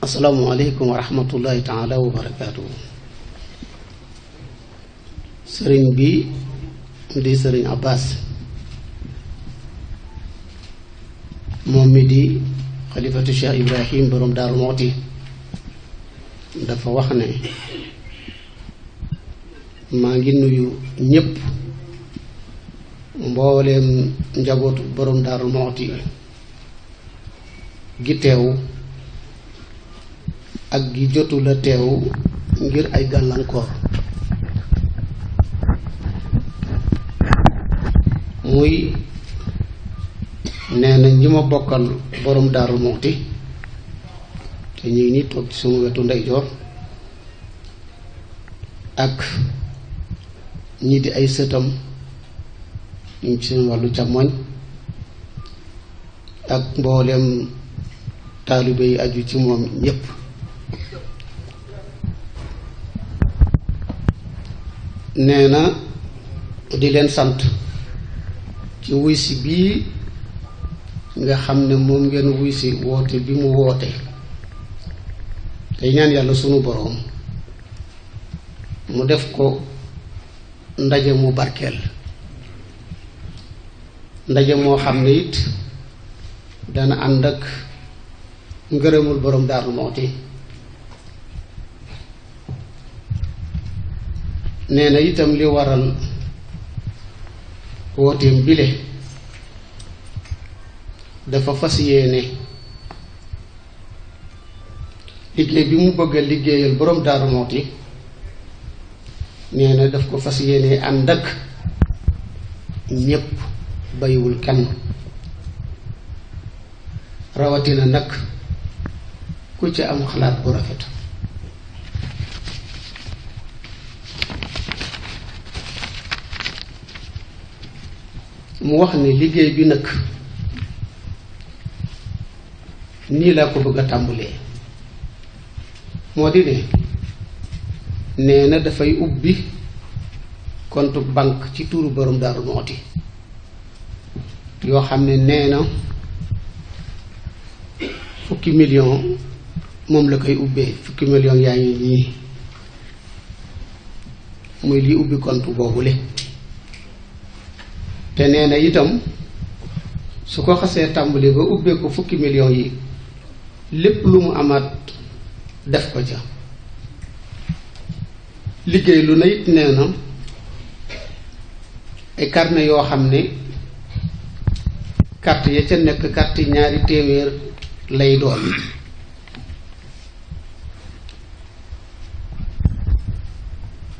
asalaamualeykum wa rahmatullahi taala wa barakaatu. sëriñ bi di sëriñ Abbas moom mi di xalifatu Cheikh Ibrahim borom Daaru Mooti dafa wax ne maa ngi nuyu ñépp mbooleem njabootu borom Daaru Mooti gi ak yi jotu la teew ngir ay gàllankoor muy nee na ñi ma bokkal borom Daaru Muxti te ñu ngi nii wetu ndeyjoor ak ñi di ay sëtam ñu ci seen wàllu càmmoñ ak mboolem taalibe yi aju ci moom ñépp nee na di leen sant ci wuy si bii nga xam ne moom ngeen wuy si woote bi mu woote tey ñaan yàlla sunu boroom mu def ko ndaje mu barkeel ndaje moo xam ne it dana ànd ak ngërëmul boroom Daaru Muxti nee na itam li waral wooteem bile dafa fas yéene liggéey bi mu bëgg liggéeyal boroom Daaru Muxti nee na daf ko fas yéene ànd ak ñépp bayiwul kenn rawatina nag ku ci am xalaat bu rafet mu wax ne liggéey bi nag nii laa ko bëgg a tàmbulee moo di ne nee na dafay ubbi compte banque ci tuuru borom Daaru Muxti yoo xam ne nee na fukki million moom la koy ubbee fukki million yaa ngi nii muy li ubbi compte boobule te nee itam su ko xasee tàmbali ba ubbee fukki millions yi lépp lu mu amaat def ko ca liggéey lu na it nee ay carnet yoo xam ne carte ya ca nekk carte ñaari téeméer lay doon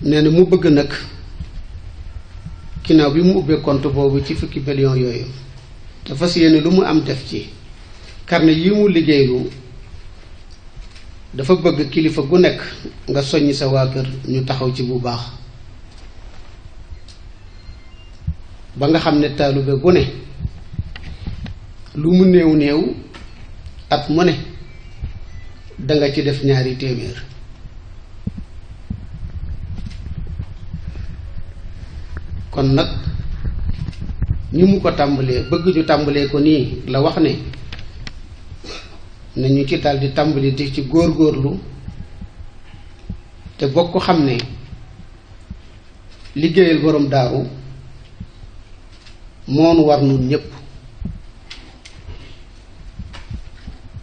nee mu bëgg nag ginnaaw bi mu ubbee compte boobu ci fukki millions yooyu dafa fas yéene lu mu am def ci carnet yi mu liggéeylu dafa bëgg kilifa gu nekk nga soññ sa waa kër ñu taxaw ci bu baax ba nga xam ne taalube bu ne lu mu néew néew ak mu ne danga ci def ñaari téeméer kon nag ni mu ko tàmbalee bëgg ñu tàmbalee ko nii la wax ne nañu ci dal tàmbali di ci góorgóorlu te ko xam ne liggéeyal boroom daaru moonu war nun ñépp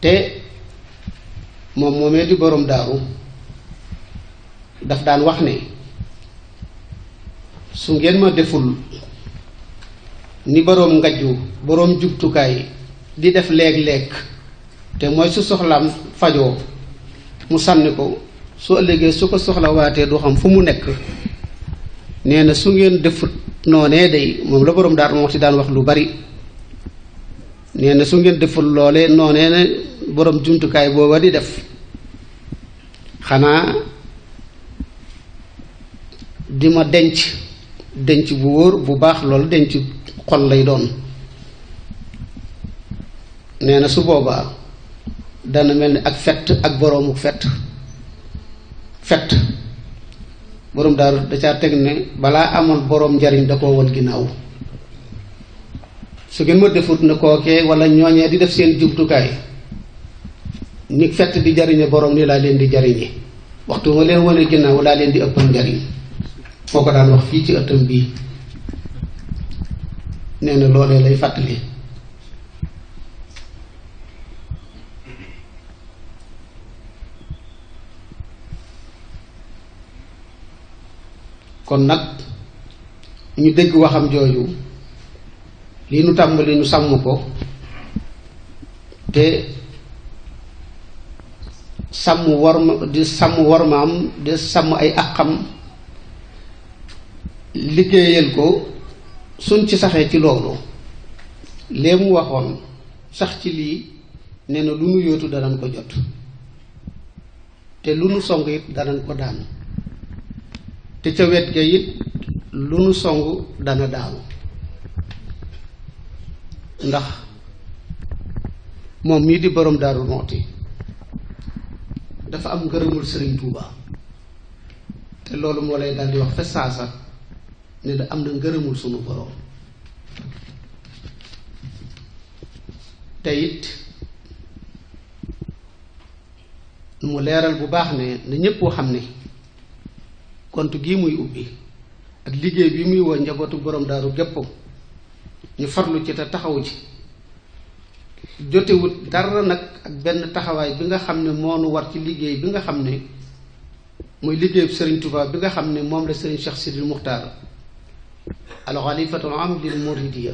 te moom moomee di borom daaru daf daan wax ne su ngeen ma deful ni boroom ngaju boroom jumtukaay di def leeg léeg te mooy su soxlaam fajoo mu sànni ko su ëllëgee su ko soxlawaatee du xam fu mu nekk nee na su ngeen deful noonee day moom la boroom daal moo ci daan wax lu bari nee su ngeen deful loole noonee ne boroom jumtukaay booba di def xanaa di ma denc denc bu wóor bu baax loolu denc xol lay doon nee na su boobaa dana mel ni ak fett ak boroomu fett fett borom daaru da caa teg ne balaa amoon boroom njariñ da koo woon ginnaaw su ngeen ma defut na kookee wala ñooñee di def seen jubtukaay ni fett di jariñe borom ni laa leen di jariñe waxtu ma leen wane ginnaaw laa leen di ëppal njariñ moo ko daan wax fii ci ëttam bii nee na loolee lay fàttali kon nag ñu dégg waxam jooju lii nu tàmbali nu sàmm ko te sàmm war ma di sàmm war ma am di sàmm ay àqam liggéeyal ko suñ ci saxee ci loolu lee mu waxoon sax ci lii nee na lu nu yóotu danañ ko jot te lu nu song it danañ ko daan te ca wet ga it lu nu song dana daanu ndax moom mii di borom daaru mooti dafa am ngërëmul sëriñ tuuba te loolu moo lay daal di wax fa ne da am na ngërëmul sunu borom te mu leeral bu baax ne na ñépp xam ne kont gii muy ubbi ak liggéey bi muy woo njabootu borom daaru gépp ñu farlu ci te taxaw ci jotewut dara nag ak benn taxawaay bi nga xam ne war ci liggéey bi nga xam ne muy liggéeyu Serigne Touba bi nga xam ne moom la Serigne Cheikh Sidil Muxtaar alxalifatul am lil muridiya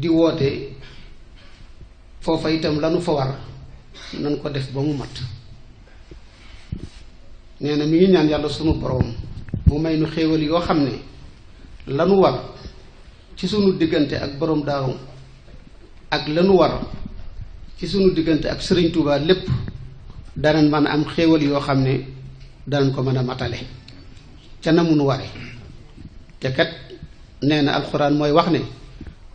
di woote foofa itam lanu fa war nan ko def ba mu mat nee na mi ngi ñaan yàlla sunu boroom mu may nu xéewal yoo xam ne lanu war ci sunu diggante ak boroom daaru ak lanu war ci sunu diggante ak sëriñ Tuubaa lépp danañ mën a am xéewal yoo xam ne danañ ko mën a matale ca na munu ware te neena nee alxuraan mooy wax ne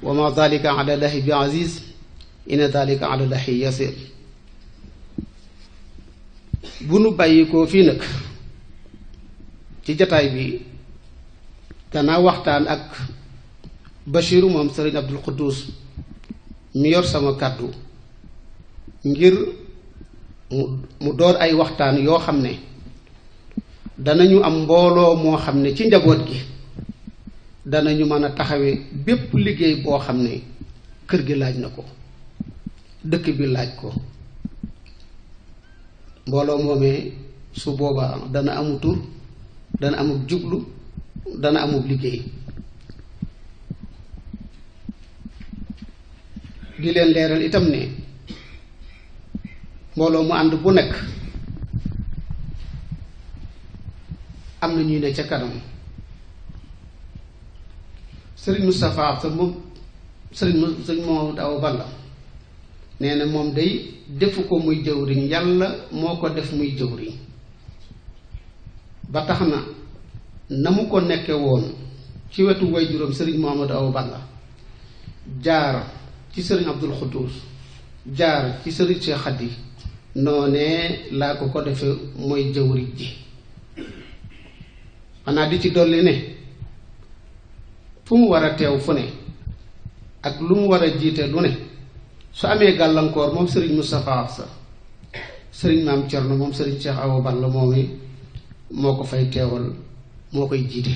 wa ma dalika ala bi aziz ina dalika ala bu nu bàyyi fii nag ci jataay bi danaa waxtaan ak Bachiru moom Sëriñ Abdul Quddus mi yor sama kàddu ngir mu door ay waxtaan yoo xam ne danañu am mbooloo moo xam ne ci njaboot gi dana ñu mën a taxawee bépp liggéey boo xam ne kër gi laaj na ko dëkk bi laaj ko mbooloo moomee su boobaa dana amu tur dana amub jublu dana amub liggéey di leen leeral itam ne mbooloo mu ànd bu nekk am na ñuy ne ca kanam sëriñ Moustapha sa moom sëriñ mu sëriñ moo daaw balla nee na moom day defu ko muy jëwriñ yàlla moo ko def muy jëwriñ ba na na ko nekke woon ci wetu way juróom sëriñ Mohamadou Awa ci sëriñ Abdul Xuddus jaar ci ko ko defe mooy ji xanaa di ci dolli ne fu mu war a teew fu ne ak lu mu war a jiite lu ne su amee gàllankoor moom sëriñ Moustapha sa sëriñ maam Thierno moom sëriñ Cheikh Awa Balla moomi moo ko fay teewal moo koy jiite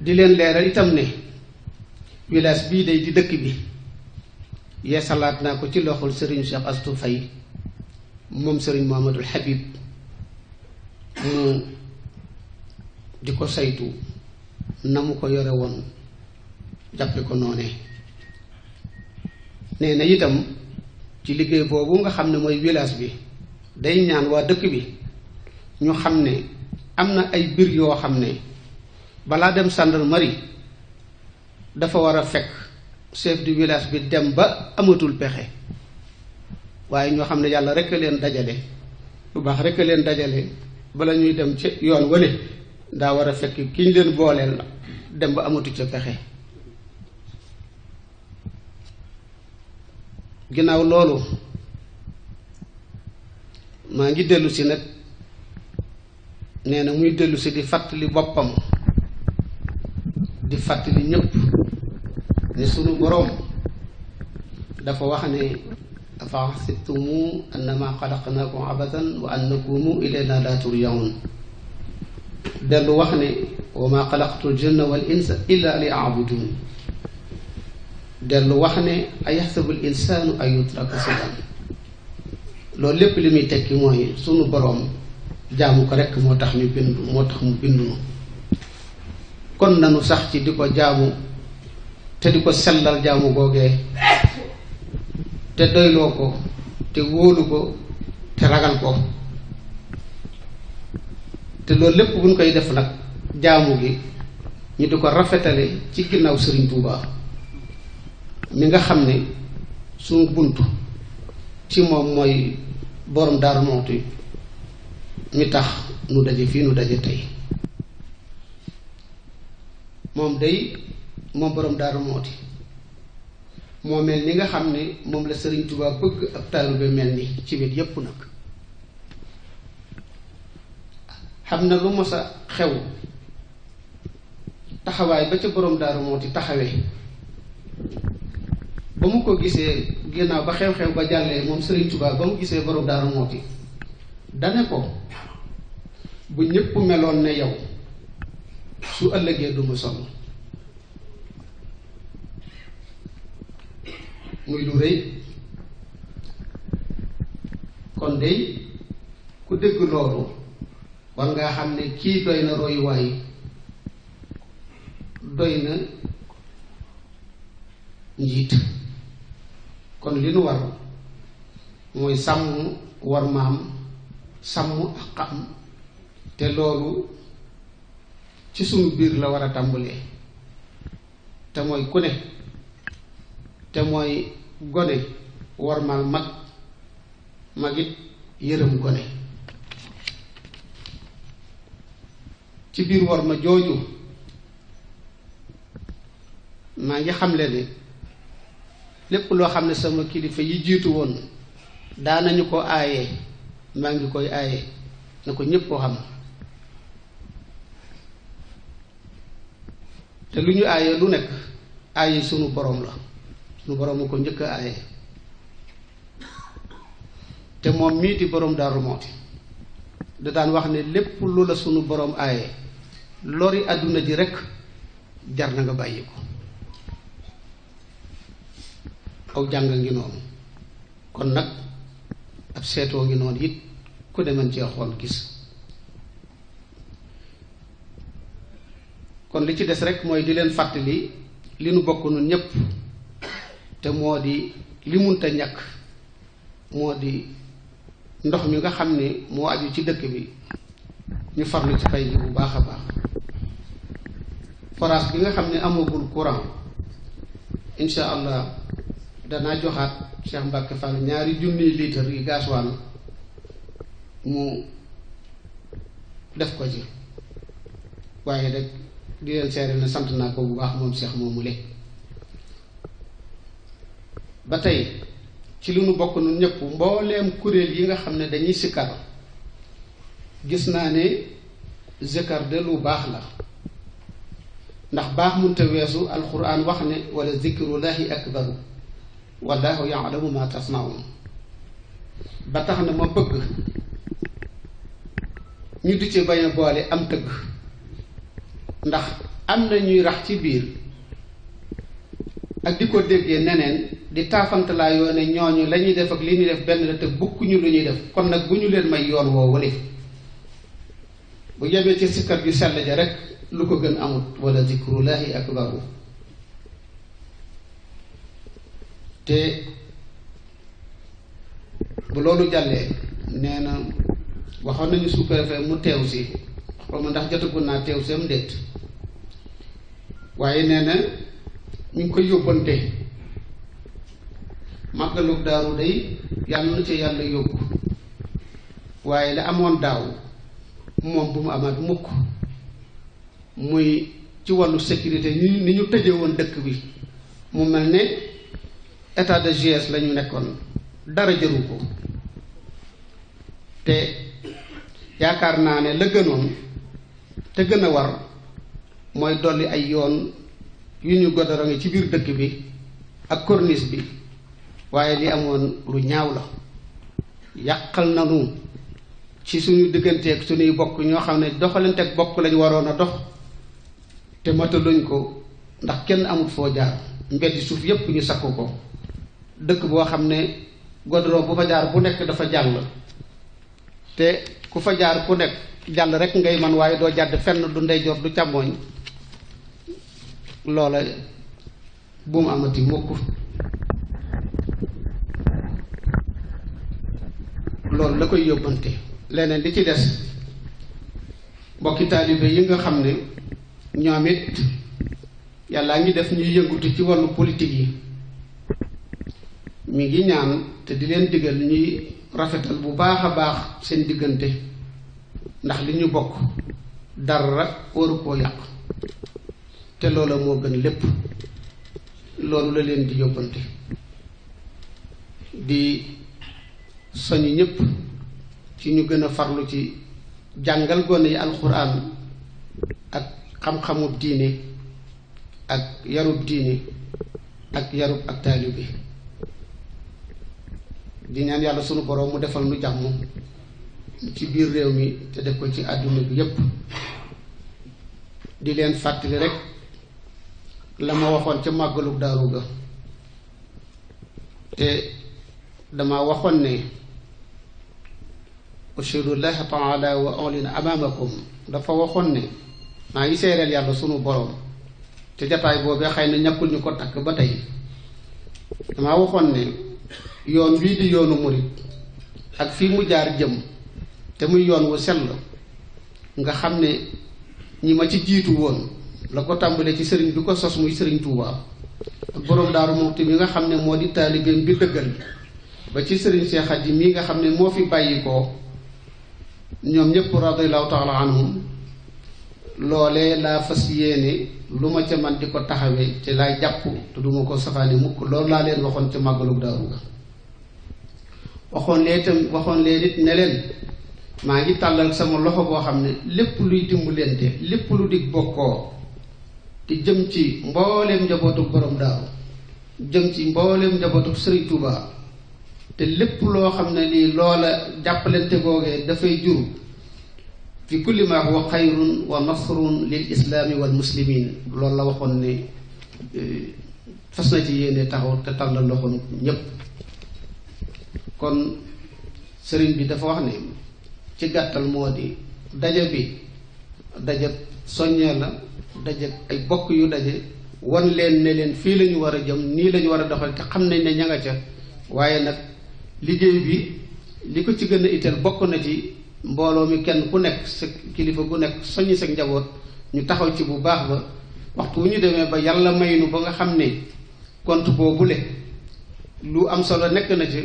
di leen leeral itam ne village bii day di dëkk bi yeesalaat naa ko ci loxol sëriñ Cheikh Astou Faye moom sëriñ Mouhamadoul Habib mu di ko saytu na mu ko yore woon jàppe ko noonee nee na itam ci liggéey boobu nga xam ne mooy village bi day ñaan waa dëkk bi ñu xam ne am na ay biir yoo xam ne balaa dem mari dafa war a fekk chef du village bi dem ba amatul pexe waaye ñoo xam ne yàlla rekk leen dajale lu baax rekk leen dajale bala ñuy dem ci yoon wale daa war a fekk ki ñu leen booleel dem ba amatu ca pexe ginnaaw loolu maa ngi dellusi si nag nee na muy dellusi di fàttali boppam di fàttali ñëpp ne sunu boroom dafa wax ne أفعصبتم أنما خلقناكم عبثا وأنكم إلينا لا ترجعون دل وخني وما خلقت الجن والإنس إلا لأعبدون دل وخني أيحسب الإنسان أن يترك سدى لو لب لم يتكي سن بروم جامو كرك موتخ مي بند موتخ بند كون نانو ديكو جامو تديكو سلال جامو غوغي te doyloo ko te wóolu ko te ragal ko te loolu lépp wuñ koy def nag jaamu gi ñu di ko rafetale ci ginnaaw sëriñ Tuubaa mi nga xam ne suñu bunt ci moom mooy borom Daaru Muxti mi tax nu daje fii nu daje tey moom day moom borom Daaru Muxti moo mel ni nga xam ne moom la Sëriñ Tuubaa bëgg ak taalibe mel ni ci wet yépp nag xam na lu masa xew taxawaay ba ca boroom daaru moo di taxawee ba mu ko gisee gennaaw ba xew-xew ba jàllee moom Sëriñ Tuubaa ba mu gisee boroom daaru moo di dane ko bu ñëpp meloon ne yow su ëllëgee du ma sonn muy lu rëy kon dey ku dégg loolu war ngaa xam ne kii doy na royuwaay doy na njiit kon li nu war mooy sàmm war maam sàmm ak xam te loolu ci sunu biir la war a tàmbalee te mooy ku ne te mooy gone war mag mag it yërëm gone ci biir war ma jooju maa ngi xamle ni lépp loo xam ne sama kilifa yi jiitu woon daanañu ko aaye maa ngi koy aaye na ko ñépp koo xam te lu ñu aaye lu nekk aaye sunu borom la suñu borom ko njëkk aaye di borom daru moti da daan wax ne lépp lu la sunu borom aaye lori aduna ji rek jar na nga bàyyi ko aw jàng ngi noonu kon nag ab seetoo ngi noonu it ku demen cee xool gis kon li ci des rek mooy di leen fàttali li nu te moo di li munta ñàkk moo di ndox mi nga xam ni moo aju ci dëkk bi ñu farlu ci fay ji bu baax a baax forage bi nga xam ni amagul courant incha allah danaa joxaat Cheikh Mbacke Fall ñaari junniy litre yi gasoil mu def ko ci waaye rek di leen seere na sant naa ko bu baax moom Cheikh moomu léegi ba tey ci li nu bokk nun ñépp mbooleem kuréel yi nga xam ne dañuy sikkar gis naa ne zikar de lu baax la ndax baax munta weesu alquran wax ne wala zikrullahi akbaru wallahu mu ma tasnaun ba tax na ma bëgg ñu di ci bañ a boole am tëgg ndax am na ñuy rax ci biir ak di ko déggee neneen di taafantalaa yoo ne ñooñu la def ak li ñuy def benn la te bukkuñu lu ñuy def kon nag bu ñu leen may yoon woo wale bu yemee ci yu sell ja lu ko gën amut wala zikrullahi akbaru te bu loolu jàllee nee na nañu sous mu teew si xaw ndax jotagu naa teew si am déet waaye nee ñu ngi koy yóbbante màggalug daaru day yàlla na ci yàlla yóbbu waaye la amoon daaw moom bu mu amaat mukk muy ci wàllu sécurité ni ñu tëje woon dëkk bi mu mel ne état de GS lañu nekkoon dara jëru ko te yaakaar naa ne la gënoon te gën a war mooy dolli ay yoon yu ñu godoronge ci biir dëkk bi ak corniche bi waaye li amoon lu ñaaw la yàqal nu ci suñu digganteeg suñuy bokk ñoo xam ne doxalanteeg bokk lañu waroon a dox te mataluñ ko ndax kenn amul foo jaar mbeddi suuf yépp ñu sakku ko dëkk boo xam ne godoron bu fa jaar bu nekk dafa jàll te ku fa jaar ku nekk jàll rek ngay man waaye doo jàdd fenn du ndeyjoor du càmmooñ loola bu mu amati mukk loolu la koy yóbbante leneen li ci des mbokki taalibe yi nga xam ne ñoom it yàllaa ngi def ñuy yëngutu ci wàllu politique yi mi ngi ñaan te di leen digal ñuy rafetal bu baax a baax seen diggante ndax li ñu bokk dara waru koo yàq te loola moo gën lépp loolu la leen di yóbbante di soñu ñépp ci ñu gën a farlu ci jàngal gone yi alxuraan ak xam-xamu diine ak yarub diine ak yarub ak taalibe di ñaan yàlla sunu borom mu defal nu jàmm ci biir réew mi te def ko ci àdduna bi yépp di leen fàttali rek la ma waxoon ca màggalu daalu ga te dama waxoon ne ushidullahi taala wa olin dafa waxoon ne maa ngi seereel yàlla sunu borom te jataay boobee xay na ñàkkul ñu ko takk ba tey dama waxoon ne yoon wii di yoonu murit ak fii mu jaar jëm te muy yoon wu la nga xam ne ñi ma ci jiitu woon la ko tàmbalee ci sëriñ bi ko sos muy sëriñ Touba ak borom daaru Muxti mi nga xam ne moo di taalibeem bi dëggal ba ci sëriñ Cheikh Hadji mii nga xam ne moo fi bàyyi ko ñoom ñëpp radiyallahu taala anhum loolee laa fas yéene lu ma ca di ko taxawee ci laay jàpp te duma ko safaani mukk loolu laa leen waxoon ca màggalug daaru ga waxoon lee itam waxoon maa ngi tàllal sama loxo boo xam ne lépp luy dimbalante lépp lu dig bokkoo di jëm ci mbooleem njabootug borom daaru jëm ci mbooleem njabootug sëriñ Touba te lépp loo xam ne lii loola jàppalante googee dafay jur fi kulli ma huwa wa nasrun lil islaami wal muslimin loolu la waxoon ne e, fas na ci yéene taxaw te tàllal loxoon ñépp kon sëriñ bi dafa wax ne ci gàttal moo di daja bi daja soññee la daje ay bokk yu daje wan leen ne leen fii la ñu war a jëm nii lañu war a doxal te xam nañ ne ña nga ca waaye nag liggéey bi li ko ci gën a itteel bokk na ci mbooloo mi kenn ku nekk sa kilifa gu nekk soññ sa njaboot ñu taxaw ci bu baax ba waxtu wu ñu demee ba yàlla maynu ba nga xam ne compte boobule lu am solo nekk na ci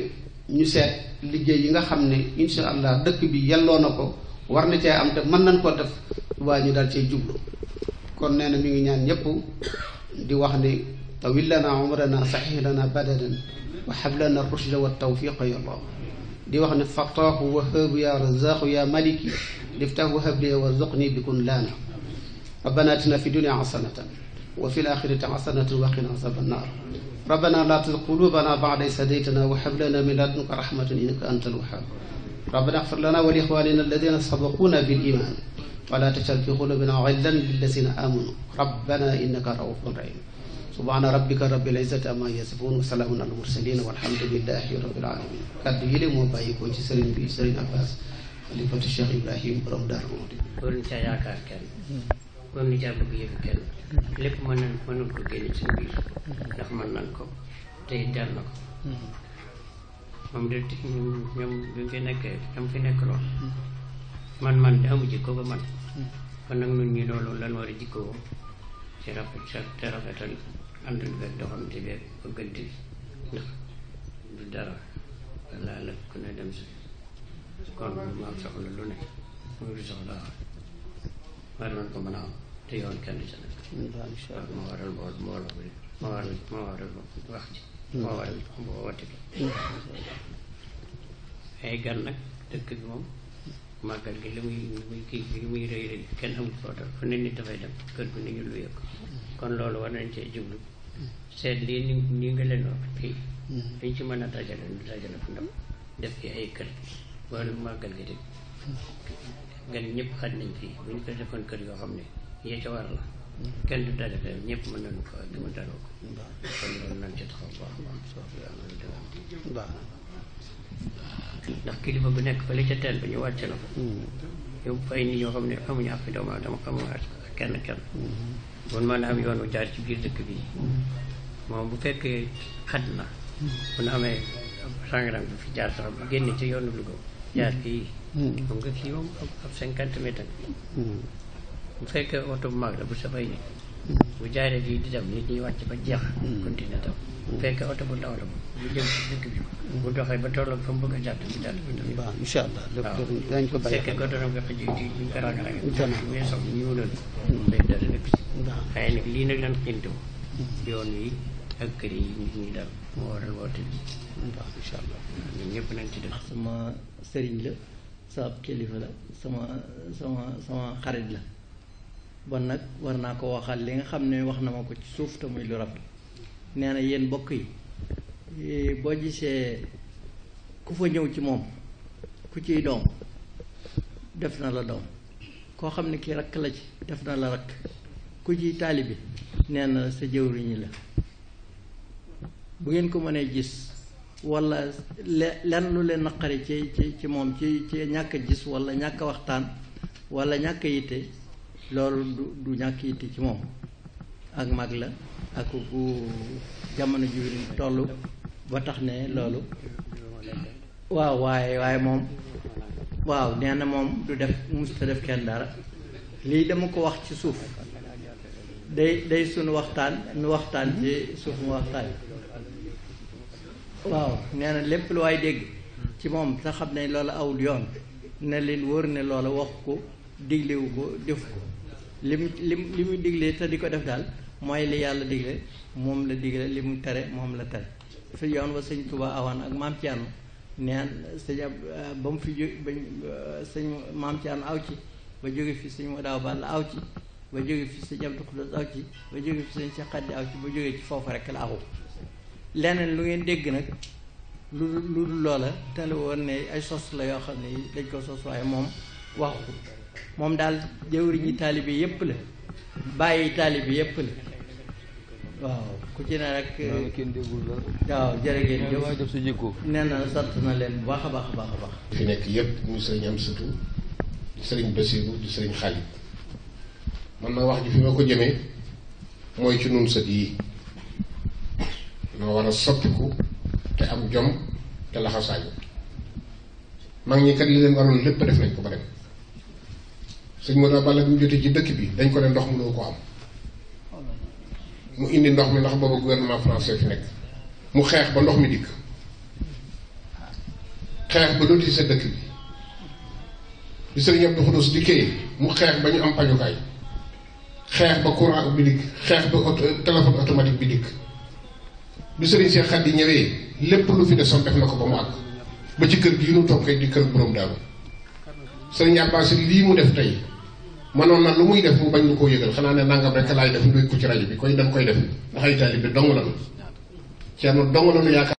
ñu seet liggéey yi nga xam ne insha allah dëkk bi yelloo na ko war na cee am te mën nañ koo def waa ñu daal cay jublu kon neena mi ngi ñaan ñëpp di wax ni tawil lana umrana saxih lana badadan wa hablana rushda wa tawfiqa ya allah di wax ni wa wahaabu ya razzaq ya maliki liftahu habli wa zuqni bikun lana ربنا اتنا في الدنيا حسنة وفي الآخرة حسنة وقنا عذاب النار ربنا لا تزغ قلوبنا بعد إذ هديتنا وهب لنا من لدنك رحمة إنك أنت الوهاب ربنا اغفر لنا ولإخواننا الذين سبقونا بالإيمان ولا تجعل في قلوبنا غلا للذين امنوا ربنا انك رؤوف رحيم سبحان ربك رب العزه عما يصفون وسلام على المرسلين والحمد لله رب العالمين قد يلم وبايكو في سرين بي سرين عباس خليفه الشيخ ابراهيم رب دار مولد ورن شايا كاركن ومن جاب بي بكن لك من من كو جين سبي رحمن نكو تي دار نكو مام ديت نيم نيم بي نك نيم في نك رو man man da amu jikko ba man mm kon nag ñun ñi loolu war a jikkoo ci rafet sa te rafetal àndul beeg doxante beeg bëggante du dara walla la ku ne dem si kon maam soxla lu ne mu du soxla war nañ ko mën a am te yoon kenn ci nag moo waral mbool mbooloo bi moo waral moo waral wax ji mm. moo waral boo woote bi ay gan nag dëkk bi moom màggal gi li muy li muy kii li muy rëy rëy kenn xamul footal fu ne nit dafay dem kër gu ne ñu lu yëg kon loolu war nañ cee jublu seet lii ni nga leen wax fii dañ mm-hmm. ci mën a dajale ñu dajale fu ndam def ci ay kër loolu màggal gi de mm-hmm. gan ñëpp xaj nañ fii bu ñu ko kër yoo xam ne yee ca war la mm-hmm. kenn du dajale ñëpp mën nañu ko ak mu daloo ko kon loolu nañ ci taxaw baax baax baax ndax kilifa bu nekk fële ca teen ba ñu wàcc la ko yóbbu fa nit yoo xam ne amuñu àq doomu aadama xamu kenn kenn bon mën na am yoon bu jaar ci biir dëkk bi moom bu fekkee xat na bu na amee sàngaram bi fi jaar sax bu génne ci yoonu Louga jaar fii moom nga kii moom ab cinquante mètres bu fekkee oto bu mag la bu safay nit bu jaaree fii di dem nit ñi wàcc ba jeex hmm. continuer daw hmm. fekk oto bu ndaw la bu jëm ci dëkk bi bu hmm. doxee ba tolloog fa mu bëgg a jàdd bi jàdd bi waaw incha ko bàyyi fekk ko ragal mais sax ñu mënoon day dara nekk ci xëy nag lii nag lan xintoo yoon yi ak kër yi nit ñi daal moo waral ñëpp nañ ci def ah, sama sëriñ la sama kilifa la sama sama sama xarit la bon nag war naa ko waxal li nga xam ne wax na ma ko ci suuf te lu rafet nee na yéen bokk yi eh, boo gisee ku fa ñëw ci moom ku ciy doom def na la doom koo xam ne kii rakk la ci def na la rakk ku ciy taalibi nee na sa jëwriñi la bu ngeen ko mënee gis wala lenn lu leen naqari ci ci ci moom ci ci ñàkk gis wala ñàkk waxtaan walla ñàkk yitte loolu du du ñàkk yitte ci moom ak mag la ak bu jamono ji tollu ba tax ne loolu waaw waaye waaye moom waaw nee na moom du def musta def kenn dara lii dama ko wax ci suuf day day sunu waxtaan nu waxtaan ci suuf mu waxtaan waaw nee na lépp lu waay dégg ci moom te xam ne loola awul yoon ne leen wër ne loola wax ko diglewu ko def ko li mu li mu li mu digle te di ko def daal mooy li yàlla digle moom la digle li mu tere moom la tere dafa yoon wa sëñ Touba awan ak maam Thierno neen sëñ ab ba mu fi jóg ba sëñ maam Thierno aw ci ba jóge fi sëñ Modaaw Balla aw ci ba jóge fi sëñ Abdou Khoudoss aw ci ba jóge fi sëñ Cheikh Khadi aw ci ba jóge ci foofu rek la awu leneen lu ngeen dégg nag lu lu loola te la woon ne ay sos la yoo xam ne dañ ko sos waaye moom waxu moom daal jëwriñi taalibe yépp la bàyyi taalibe yépp la waaw ku ci ne rek waaw jërë ngeen jëf su jikko nee na na leen bu baax a baax a baax a baax fi nekk yépp ñu sëriñ am sëtu di sëriñ Basiiru di sëriñ Xaalit man na wax ji fi ma ko jëmee mooy ci nun sët yi noo war a soppiku te am jom te laxasaayu mag ñi kat li leen waroon lépp def nañ ba dem sëñ Modou Balla bi mu jotee ci dëkk bi dañ ko ne ndox mënoo ko am mu indi ndox mi ndax booba gouvernement français fi nekk mu xeex ba ndox mi dikk xeex ba dootul sa dëkk bi bi sëriñ Abdou Khoudous dikkee mu xeex ba ñu am pañukaay xeex ba courant bi dikk xeex ba auto téléphone automatique bi dikk bi sëriñ Cheikh Khady ñëwee lépp lu fi desoon def na ko ba mu àgg ba ci kër gi nu toog di kër borom daal sëriñ Abbas lii mu def tey mënoon na lu muy def mu bañ ñu koo yëgal xanaa ne nangam rek laay def nduy ko ci rajo bi koy dem koy def ndax ay taalibe dong la nu ceerno dong la nu yaakaar